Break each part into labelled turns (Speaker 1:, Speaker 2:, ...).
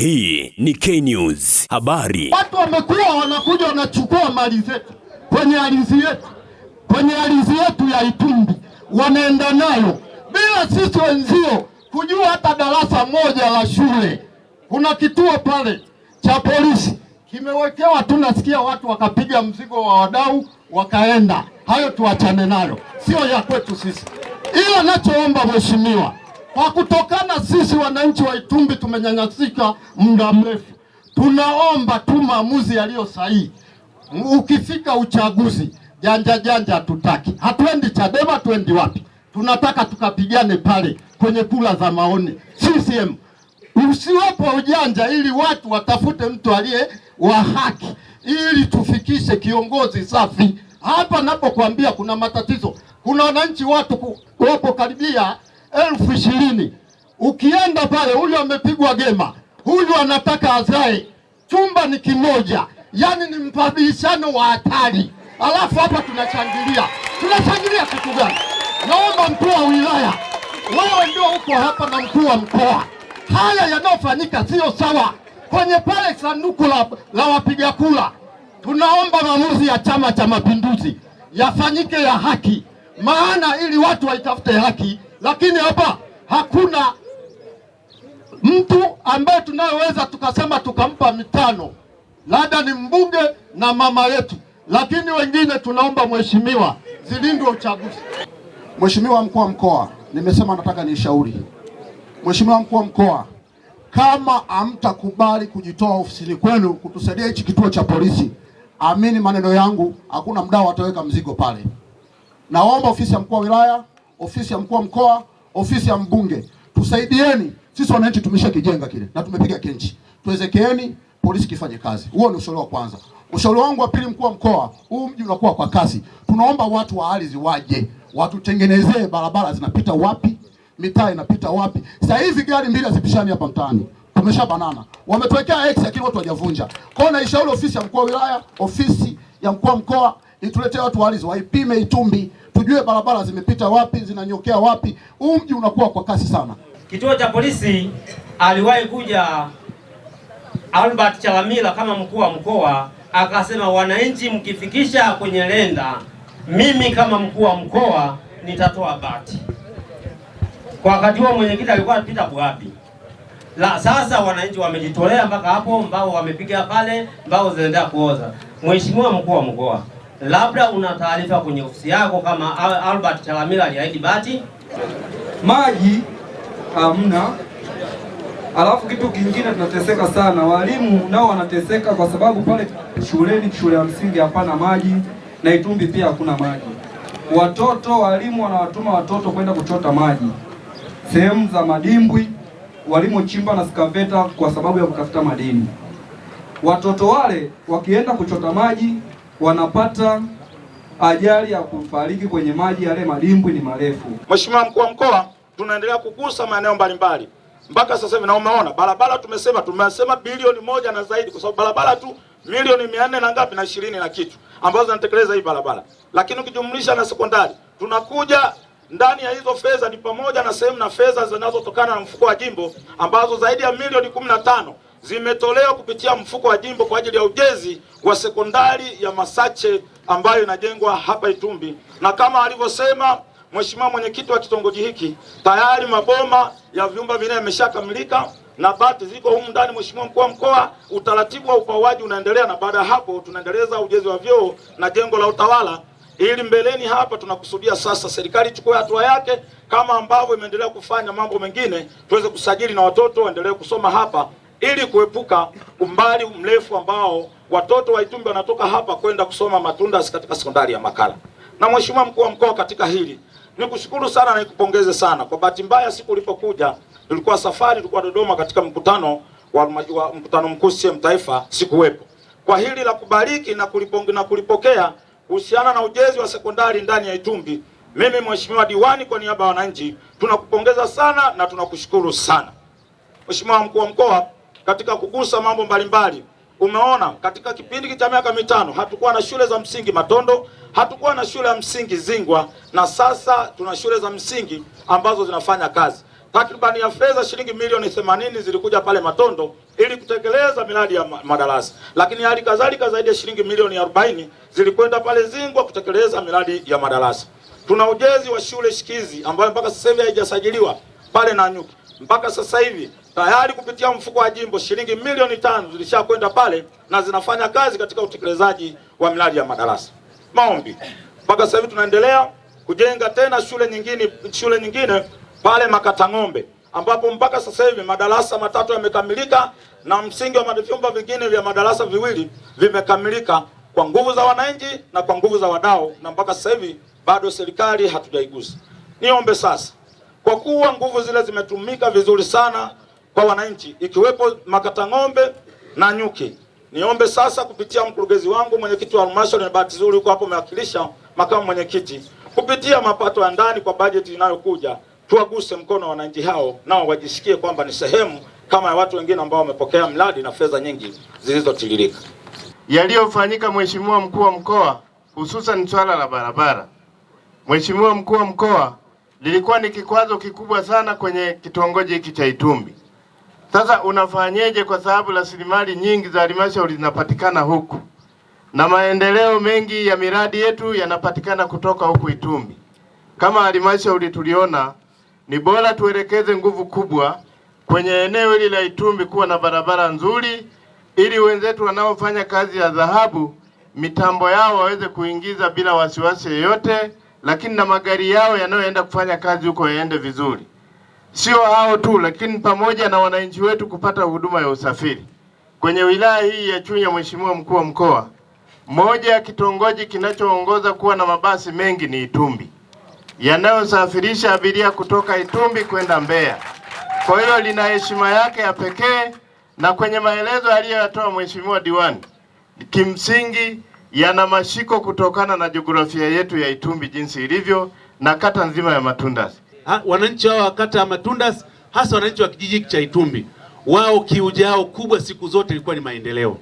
Speaker 1: Hii ni K-News habari.
Speaker 2: Watu wamekuwa wanakuja wanachukua mali zetu kwenye ardhi yetu, kwenye ardhi yetu ya Itumbi wanaenda nayo bila sisi wenzio kujua hata darasa moja la shule. Kuna kituo pale cha polisi kimewekewa, tunasikia watu wakapiga mzigo wa wadau wakaenda. Hayo tuachane nayo, sio ya kwetu sisi. Ila nachoomba mheshimiwa kwa kutokana sisi wananchi wa Itumbi tumenyanyasika muda mrefu, tunaomba tu maamuzi yaliyo sahihi. Ukifika uchaguzi janja janja hatutaki, hatuendi Chadema, hatuendi wapi, tunataka tukapigane pale kwenye kula za maoni CCM. Usiwepo ujanja, ili watu watafute mtu aliye wa haki, ili tufikishe kiongozi safi hapa. Napokuambia kuna matatizo, kuna wananchi watu wapo karibia elfu ishirini. Ukienda pale, huyu amepigwa gema, huyu anataka azae, chumba ni kimoja, yani ni mpabishano wa hatari. Alafu hapa tunashangilia, tunashangilia kitu gani? Naomba mkuu wa wilaya, wewe ndio uko hapa na mkuu wa mkoa, haya yanayofanyika sio sawa. Kwenye pale sanduku la, la wapiga kula, tunaomba maamuzi ya Chama cha Mapinduzi yafanyike ya haki, maana ili watu waitafute haki lakini hapa hakuna mtu ambaye tunayoweza tukasema tukampa mitano, labda ni mbunge na mama yetu, lakini wengine tunaomba mheshimiwa, zilindwe uchaguzi. Mheshimiwa mkuu wa mkoa, nimesema nataka nishauri mheshimiwa mkuu wa mkoa, kama hamtakubali kujitoa ofisini kwenu kutusaidia hichi kituo cha polisi, amini maneno yangu, hakuna mdau ataweka mzigo pale. Naomba ofisi ya mkuu wa wilaya ofisi ya mkuu wa mkoa, ofisi ya mbunge. Tusaidieni sisi wananchi, tumesha kijenga kile na tumepiga kenchi, tuwezekeeni polisi kifanye kazi. Huo ni ushauri wa kwanza. Ushauri wangu wa pili, mkuu wa mkoa, huu mji unakuwa kwa kasi, tunaomba watu wa ardhi waje watutengenezee barabara, zinapita wapi, mitaa inapita wapi. Sasa hivi gari mbili hazipishani hapa mtaani, tumesha banana, wametuwekea X lakini watu hawajavunja. Kwa hiyo naishauri ofisi ya mkuu wa wilaya, ofisi ya mkuu wa mkoa ituletee watu walizo waipime Itumbi, tujue barabara zimepita wapi, zinanyokea wapi. Huu mji unakuwa kwa kasi sana.
Speaker 3: Kituo cha polisi aliwahi kuja Albert Chalamila kama mkuu wa mkoa akasema, wananchi mkifikisha kwenye lenda, mimi kama mkuu wa mkoa nitatoa bati. Kwa wakati huo mwenyekiti alikuwa anapita Buhabi. La sasa wananchi wamejitolea mpaka hapo, mbao wamepiga pale, mbao zinaendelea kuoza. Mheshimiwa mkuu wa mkoa Labda una taarifa kwenye ofisi yako kama Albert Chalamila aliahidi bati
Speaker 4: maji hamna. Alafu kitu kingine tunateseka sana, walimu nao wanateseka kwa sababu pale shuleni, shule ya msingi hapana maji na Itumbi pia hakuna maji. Watoto walimu wanawatuma watoto kwenda kuchota maji sehemu za madimbwi, walimu chimba na skaveta kwa sababu ya kutafuta madini. Watoto wale wakienda kuchota maji wanapata ajali ya kufariki kwenye maji yale madimbwi ni marefu.
Speaker 3: Mheshimiwa mkuu wa mkoa, tunaendelea kugusa maeneo mbalimbali mpaka sasa hivi, na umeona barabara tumesema tumesema bilioni moja na zaidi, kwa sababu barabara tu milioni mia nne na ngapi na ishirini na kitu ambazo zinatekeleza hii barabara, lakini ukijumlisha na sekondari tunakuja ndani ya hizo fedha ni pamoja na sehemu na fedha zinazotokana na mfuko wa jimbo ambazo zaidi ya milioni kumi na tano zimetolewa kupitia mfuko wa jimbo kwa ajili ya ujenzi wa sekondari ya Masache ambayo inajengwa hapa Itumbi, na kama alivyosema mheshimiwa mwenyekiti wa kitongoji hiki, tayari maboma ya vyumba vinne yameshakamilika na bati ziko humu ndani. Mheshimiwa mkuu wa mkoa, utaratibu wa upawaji unaendelea, na baada ya hapo tunaendeleza ujenzi wa vyoo na jengo la utawala ili mbeleni hapa tunakusudia sasa serikali ichukue hatua yake kama ambavyo imeendelea kufanya mambo mengine, tuweze kusajili na watoto waendelee kusoma hapa ili kuepuka umbali mrefu ambao watoto wa Itumbi wanatoka hapa kwenda kusoma matunda katika sekondari ya Makala. Na Mheshimiwa mkuu wa mkoa, katika hili nikushukuru sana na nikupongeze sana. Kwa bahati mbaya, siku ulipokuja nilikuwa safari, nilikuwa Dodoma katika mkutano wa, wa mkutano mkuu CCM Taifa, sikuwepo. Kwa hili la kubariki na kulipongeza na kulipokea kuhusiana na ujenzi wa sekondari ndani ya Itumbi, mimi Mheshimiwa diwani, kwa niaba ya wananchi tunakupongeza sana na tunakushukuru sana Mheshimiwa mkuu wa mkoa katika kugusa mambo mbalimbali. Umeona, katika kipindi cha miaka mitano hatukuwa na shule za msingi Matondo, hatukuwa na shule ya msingi Zingwa, na sasa tuna shule za msingi ambazo zinafanya kazi. Takribani ya fedha shilingi milioni themanini zilikuja pale Matondo ili kutekeleza miradi ya madarasa, lakini hali kadhalika zaidi ya shilingi milioni 40 zilikwenda pale Zingwa kutekeleza miradi ya madarasa. Tuna ujenzi wa shule shikizi ambayo mpaka sasa hivi haijasajiliwa pale Nanyuki. Mpaka sasa hivi tayari kupitia mfuko wa jimbo shilingi milioni tano zilishakwenda pale na zinafanya kazi katika utekelezaji wa miradi ya madarasa. Maombi mpaka sasa hivi tunaendelea kujenga tena shule nyingine, shule nyingine pale Makata Ng'ombe ambapo mpaka sasa hivi madarasa matatu yamekamilika na msingi wa vyumba vingine vya madarasa viwili vimekamilika kwa nguvu za wananchi na kwa nguvu za wadau, na mpaka sasa hivi bado serikali hatujaigusa. Niombe sasa, kwa kuwa nguvu zile zimetumika vizuri sana kwa wananchi ikiwepo makata ng'ombe na nyuki. Niombe sasa kupitia mkurugenzi wangu, mwenyekiti wa halmashauri, na bahati nzuri yuko hapo amewakilisha makamu mwenyekiti, kupitia mapato ya ndani kwa bajeti inayokuja tuwaguse mkono wa wananchi hao, nao wajisikie kwamba ni sehemu kama ya watu wengine ambao wamepokea mradi na fedha nyingi zilizotiririka.
Speaker 4: Yaliyofanyika Mheshimiwa mkuu wa mkoa, hususan swala la barabara, Mheshimiwa mkuu wa mkoa, lilikuwa ni kikwazo kikubwa sana kwenye kitongoji hiki cha Itumbi. Sasa unafanyeje? Kwa sababu rasilimali nyingi za halmashauri zinapatikana huku na maendeleo mengi ya miradi yetu yanapatikana kutoka huku Itumbi. Kama halmashauri tuliona ni bora tuelekeze nguvu kubwa kwenye eneo hili la Itumbi kuwa na barabara nzuri, ili wenzetu wanaofanya kazi ya dhahabu mitambo yao waweze kuingiza bila wasiwasi yoyote, lakini na magari yao yanayoenda kufanya kazi huko yaende vizuri. Sio hao tu, lakini pamoja na wananchi wetu kupata huduma ya usafiri kwenye wilaya hii ya Chunya. Mheshimiwa mkuu wa mkoa, moja ya kitongoji kinachoongoza kuwa na mabasi mengi ni Itumbi yanayosafirisha abiria kutoka Itumbi kwenda Mbeya. Kwa hiyo lina heshima yake ya pekee, na kwenye maelezo aliyoyatoa mheshimiwa diwani, kimsingi yana mashiko kutokana na jiografia yetu ya Itumbi jinsi ilivyo na kata nzima ya Matundasi
Speaker 3: ha, wananchi hao wa kata ya Matundas hasa wananchi wa kijiji cha Itumbi, wao kiu yao kubwa siku zote ilikuwa ni maendeleo.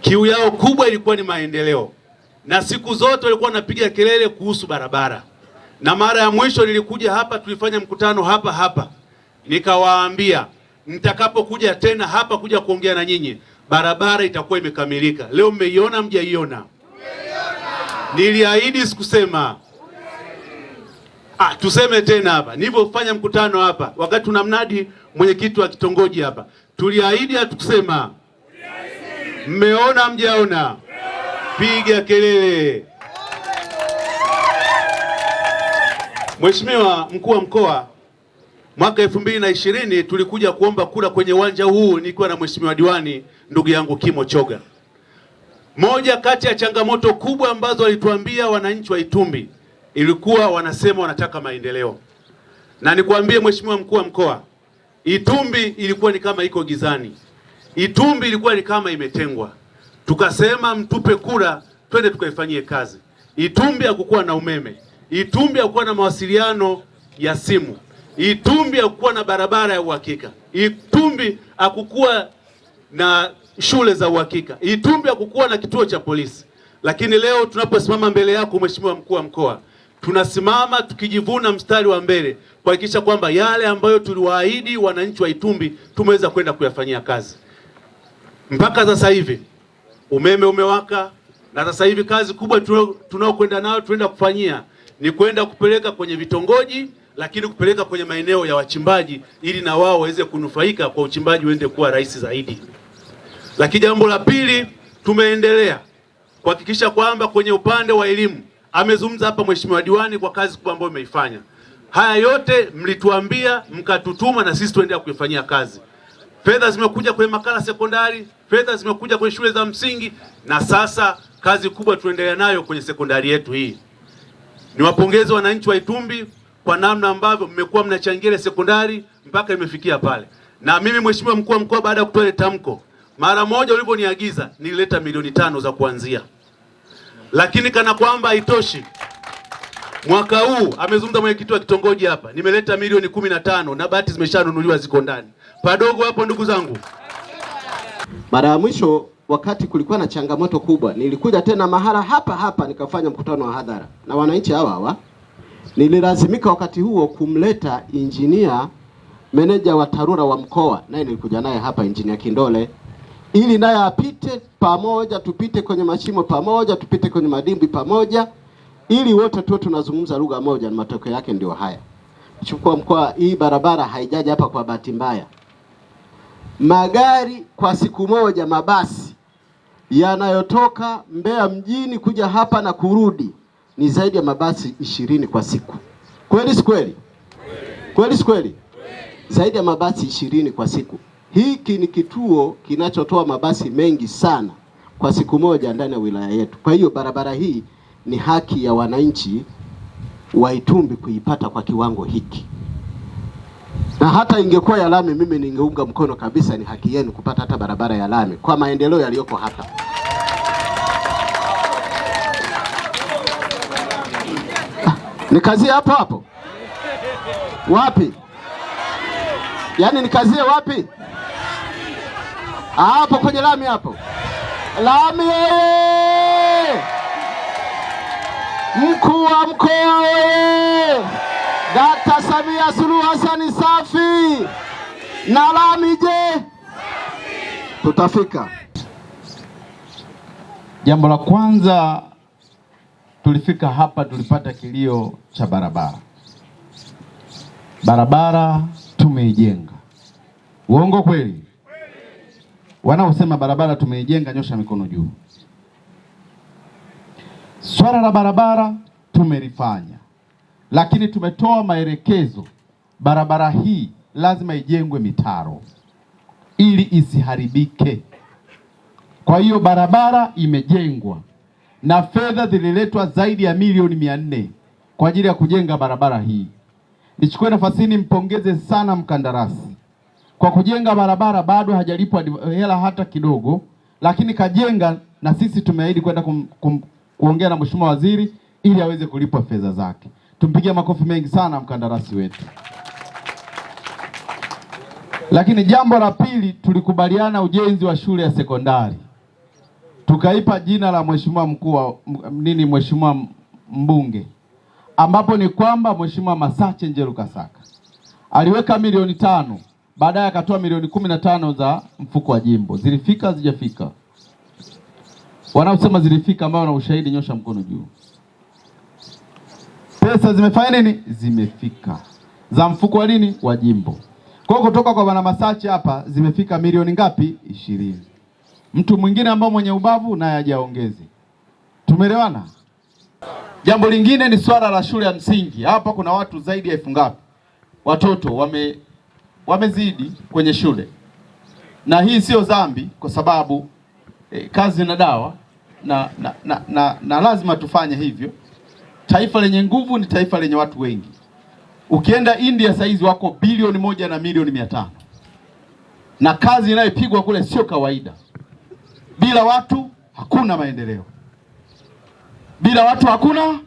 Speaker 3: Kiu yao kubwa ilikuwa ni maendeleo, na siku zote walikuwa wanapiga kelele kuhusu barabara. Na mara ya mwisho nilikuja hapa, tulifanya mkutano hapa hapa, nikawaambia nitakapokuja tena hapa kuja kuongea na nyinyi, barabara itakuwa imekamilika. Leo mmeiona, mjaiona? Niliahidi sikusema Ah, tuseme tena hapa nilivyofanya mkutano hapa, wakati tuna mnadi mwenyekiti wa kitongoji hapa, tuliahidi hatukusema, mmeona mjaona, piga kelele. Mheshimiwa mkuu wa mkoa, mwaka elfu mbili na ishirini tulikuja kuomba kura kwenye uwanja huu nikiwa na mheshimiwa diwani ndugu yangu Kimo Choga. Moja kati ya changamoto kubwa ambazo walituambia wananchi wa Itumbi ilikuwa wanasema wanataka maendeleo, na nikwambie mheshimiwa mkuu wa mkoa, Itumbi ilikuwa ni kama iko gizani, Itumbi ilikuwa ni kama imetengwa. Tukasema mtupe kura, twende tukaifanyie kazi. Itumbi hakukuwa na umeme, Itumbi hakukuwa na mawasiliano ya simu, Itumbi hakukuwa na barabara ya uhakika, Itumbi hakukuwa na shule za uhakika, Itumbi hakukuwa na kituo cha polisi. Lakini leo tunaposimama mbele yako mheshimiwa mkuu wa mkoa tunasimama tukijivuna mstari wa mbele kuhakikisha kwamba yale ambayo tuliwaahidi wananchi wa Itumbi tumeweza kwenda kuyafanyia kazi. Mpaka sasa hivi umeme umewaka, na sasa hivi kazi kubwa tunaokwenda nayo tunaenda kufanyia ni kwenda kupeleka kwenye vitongoji, lakini kupeleka kwenye maeneo ya wachimbaji ili na wao waweze kunufaika kwa uchimbaji uende kuwa rahisi zaidi. Lakini jambo la pili, tumeendelea kuhakikisha kwamba kwenye upande wa elimu amezungumza hapa mheshimiwa diwani kwa kazi kubwa ambayo umeifanya. Haya yote mlituambia mkatutuma, na sisi tuendelea kuifanyia kazi. Fedha zimekuja kwenye makala sekondari, fedha zimekuja kwenye shule za msingi, na sasa kazi kubwa tuendelea nayo kwenye sekondari yetu hii. Niwapongeze wananchi wa Itumbi kwa namna ambavyo mmekuwa mnachangia sekondari mpaka imefikia pale. Na mimi mheshimiwa mkuu wa mkoa, baada ya kutoa tamko, mara moja ulivyoniagiza nilileta milioni tano za kuanzia lakini kana kwamba haitoshi, mwaka huu amezungumza mwenyekiti wa kitongoji hapa, nimeleta milioni kumi na tano na bahati zimeshanunuliwa ziko ndani. Padogo hapo, ndugu zangu.
Speaker 5: Mara ya mwisho wakati kulikuwa na changamoto kubwa, nilikuja tena mahala hapa hapa nikafanya mkutano wa hadhara na wananchi hawa hawa. Nililazimika wakati huo kumleta injinia meneja wa TARURA wa mkoa, naye nilikuja naye hapa, injinia Kindole ili naye apite pamoja, tupite kwenye mashimo pamoja, tupite kwenye madimbwi pamoja, ili wote tuwe tunazungumza lugha moja. Na matokeo yake ndio haya. Chukua mkoa, hii barabara haijaja hapa kwa bahati mbaya. Magari kwa siku moja, mabasi yanayotoka Mbeya mjini kuja hapa na kurudi ni zaidi ya mabasi ishirini kwa siku. Kweli si kweli? Kweli si kweli? Zaidi ya mabasi ishirini kwa siku. Hiki ni kituo kinachotoa mabasi mengi sana kwa siku moja ndani ya wilaya yetu. Kwa hiyo barabara hii ni haki ya wananchi wa Itumbi kuipata kwa kiwango hiki, na hata ingekuwa ya lami, mimi ningeunga mkono kabisa. Ni haki yenu kupata hata barabara ya lami kwa maendeleo yaliyoko hapa. Ah, nikazie hapo hapo wapi? Yaani nikazie wapi? Ah, hapo kwenye lami hapo. Lami oye! Mkuu wa mkoa oye! dakta Samia Suluhu Hassan safi na lami je, tutafika. Jambo la kwanza tulifika hapa, tulipata kilio cha barabara. Barabara tumeijenga, uongo kweli? Wanaosema barabara tumeijenga, nyosha mikono juu. Swala la barabara tumelifanya, lakini tumetoa maelekezo, barabara hii lazima ijengwe mitaro ili isiharibike. Kwa hiyo barabara imejengwa na fedha zililetwa zaidi ya milioni mia nne kwa ajili ya kujenga barabara hii. Nichukue nafasi hii nimpongeze sana mkandarasi kwa kujenga barabara bado hajalipwa hela hata kidogo, lakini kajenga, na sisi tumeahidi kwenda kum, kum, kuongea na mheshimiwa waziri ili aweze kulipwa fedha zake. Tumpigie makofi mengi sana mkandarasi wetu. Lakini jambo la pili, tulikubaliana ujenzi wa shule ya sekondari tukaipa jina la mheshimiwa mkuu nini, mheshimiwa mbunge, ambapo ni kwamba mheshimiwa Masache Njeru Kasaka aliweka milioni tano baadaye akatoa milioni kumi na tano za mfuko wa jimbo. Zilifika zijafika? Wanaosema zilifika, ambao na ushahidi, nyosha mkono juu. Pesa zimefanya nini? Zimefika za mfuko wa nini, wa jimbo. Kwa hiyo kutoka kwa bwana Masache hapa zimefika milioni ngapi? Ishirini. Mtu mwingine ambao mwenye ubavu naye hajaongeze. Tumeelewana? Jambo lingine ni swala la shule ya msingi. Hapa kuna watu zaidi ya elfu ngapi watoto wame wamezidi kwenye shule, na hii sio dhambi kwa sababu eh, kazi na dawa na na, na, na na lazima tufanye hivyo. Taifa lenye nguvu ni taifa lenye watu wengi. Ukienda India saizi wako bilioni moja na milioni mia tano na kazi inayopigwa kule sio kawaida. Bila watu hakuna maendeleo, bila watu hakuna,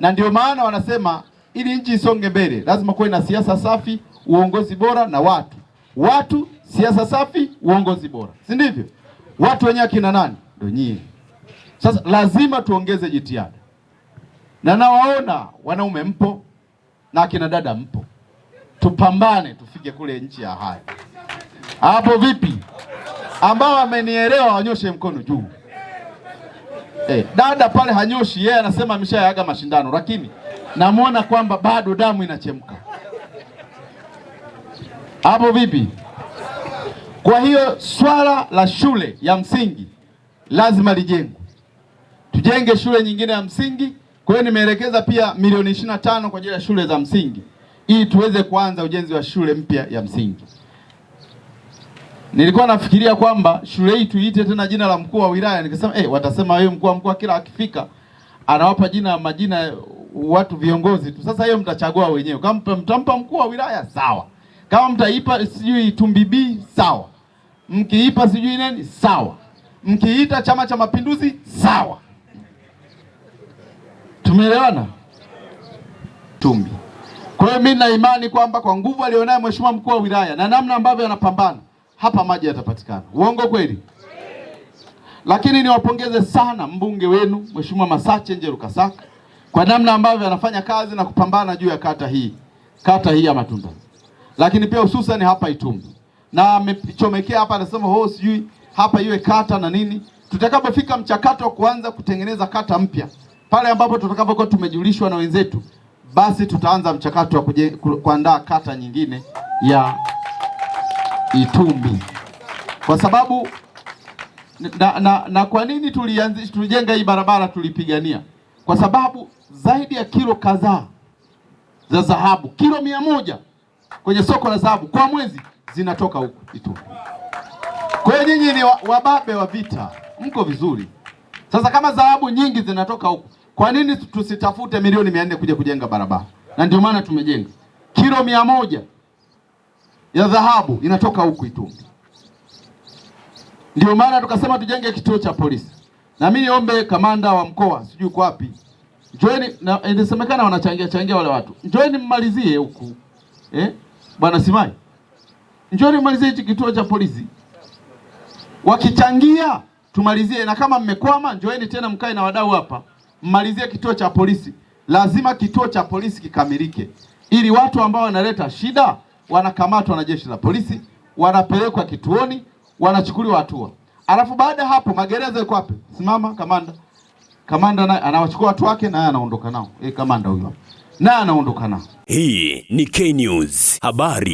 Speaker 5: na ndio maana wanasema ili nchi isonge mbele lazima kuwe na siasa safi uongozi bora na watu watu, siasa safi, uongozi bora, si ndivyo? Watu wenye akina nani? Ndio nyie. Sasa lazima tuongeze jitihada, na nawaona wanaume mpo na akina dada mpo, tupambane tufike kule nchi ya hai. Hapo vipi? Ambao wamenielewa wanyoshe mkono juu. Hey, eh, dada pale hanyoshi yeye, yeah, anasema ameshayaaga mashindano, lakini namwona kwamba bado damu inachemka hapo vipi? Kwa hiyo swala la shule ya msingi lazima lijengwe, tujenge shule nyingine ya msingi. Kwa hiyo nimeelekeza pia milioni ishirini na tano kwa ajili ya shule za msingi ili tuweze kuanza ujenzi wa shule mpya ya msingi. Nilikuwa nafikiria kwamba shule hii tuiite tena jina la mkuu wa wilaya, nikasema eh, watasema wewe mkuu wa mkoa kila akifika anawapa jina majina watu viongozi tu. Sasa hiyo mtachagua wenyewe, kama mtampa mkuu wa wilaya sawa kama mtaipa sijui tumbibi sawa, mkiipa sijui nani sawa, mkiita Chama cha Mapinduzi sawa. Tumeelewana Tumbi. Kwa hiyo mimi na imani kwamba kwa nguvu alionayo mheshimiwa mkuu wa wilaya na namna ambavyo anapambana hapa, maji yatapatikana. Uongo kweli? Lakini niwapongeze sana mbunge wenu Mheshimiwa Masache Njeru Kasaka kwa namna ambavyo anafanya kazi na kupambana juu ya kata hii, kata hii ya Matunda lakini pia hususan hapa Itumbi, na amechomekea hapa, anasema ho oh, sijui hapa iwe kata na nini. Tutakapofika mchakato wa kuanza kutengeneza kata mpya, pale ambapo tutakapokuwa tumejulishwa na wenzetu, basi tutaanza mchakato wa kuandaa kata nyingine ya Itumbi kwa sababu na, na, na kwa nini tulianzisha tulijenga hii barabara tulipigania? Kwa sababu zaidi ya kilo kadhaa za dhahabu, kilo mia moja kwenye soko la dhahabu kwa mwezi zinatoka huko Ituri. Kwa hiyo nyinyi ni wababe wa vita, mko vizuri. Sasa kama dhahabu nyingi zinatoka huko, kwa nini tusitafute milioni mia nne kuja kujenga barabara? Na ndio maana tumejenga kilo mia moja ya dhahabu inatoka huku Ituri. Ndio maana tukasema tujenge kituo cha polisi, na mimi niombe kamanda wa mkoa, sijui kwa wapi, njoeni. na eh, Inasemekana wanachangia changia wale watu, njoeni mmalizie huku eh? Bwana Simai, njoni malizie hichi kituo cha polisi, wakichangia tumalizie, na kama mmekwama, njoeni tena mkae na wadau hapa, mmalizie kituo cha polisi. Lazima kituo cha polisi kikamilike, ili watu ambao wanaleta shida wanakamatwa na jeshi la polisi, wanapelekwa kituoni, wanachukuliwa hatua. Alafu baada ya hapo, magereza yuko wapi? Simama kamanda. Kamanda naye anawachukua watu wake, naye anaondoka nao. Eh, kamanda huyo na anaondokana Hii ni K News habari.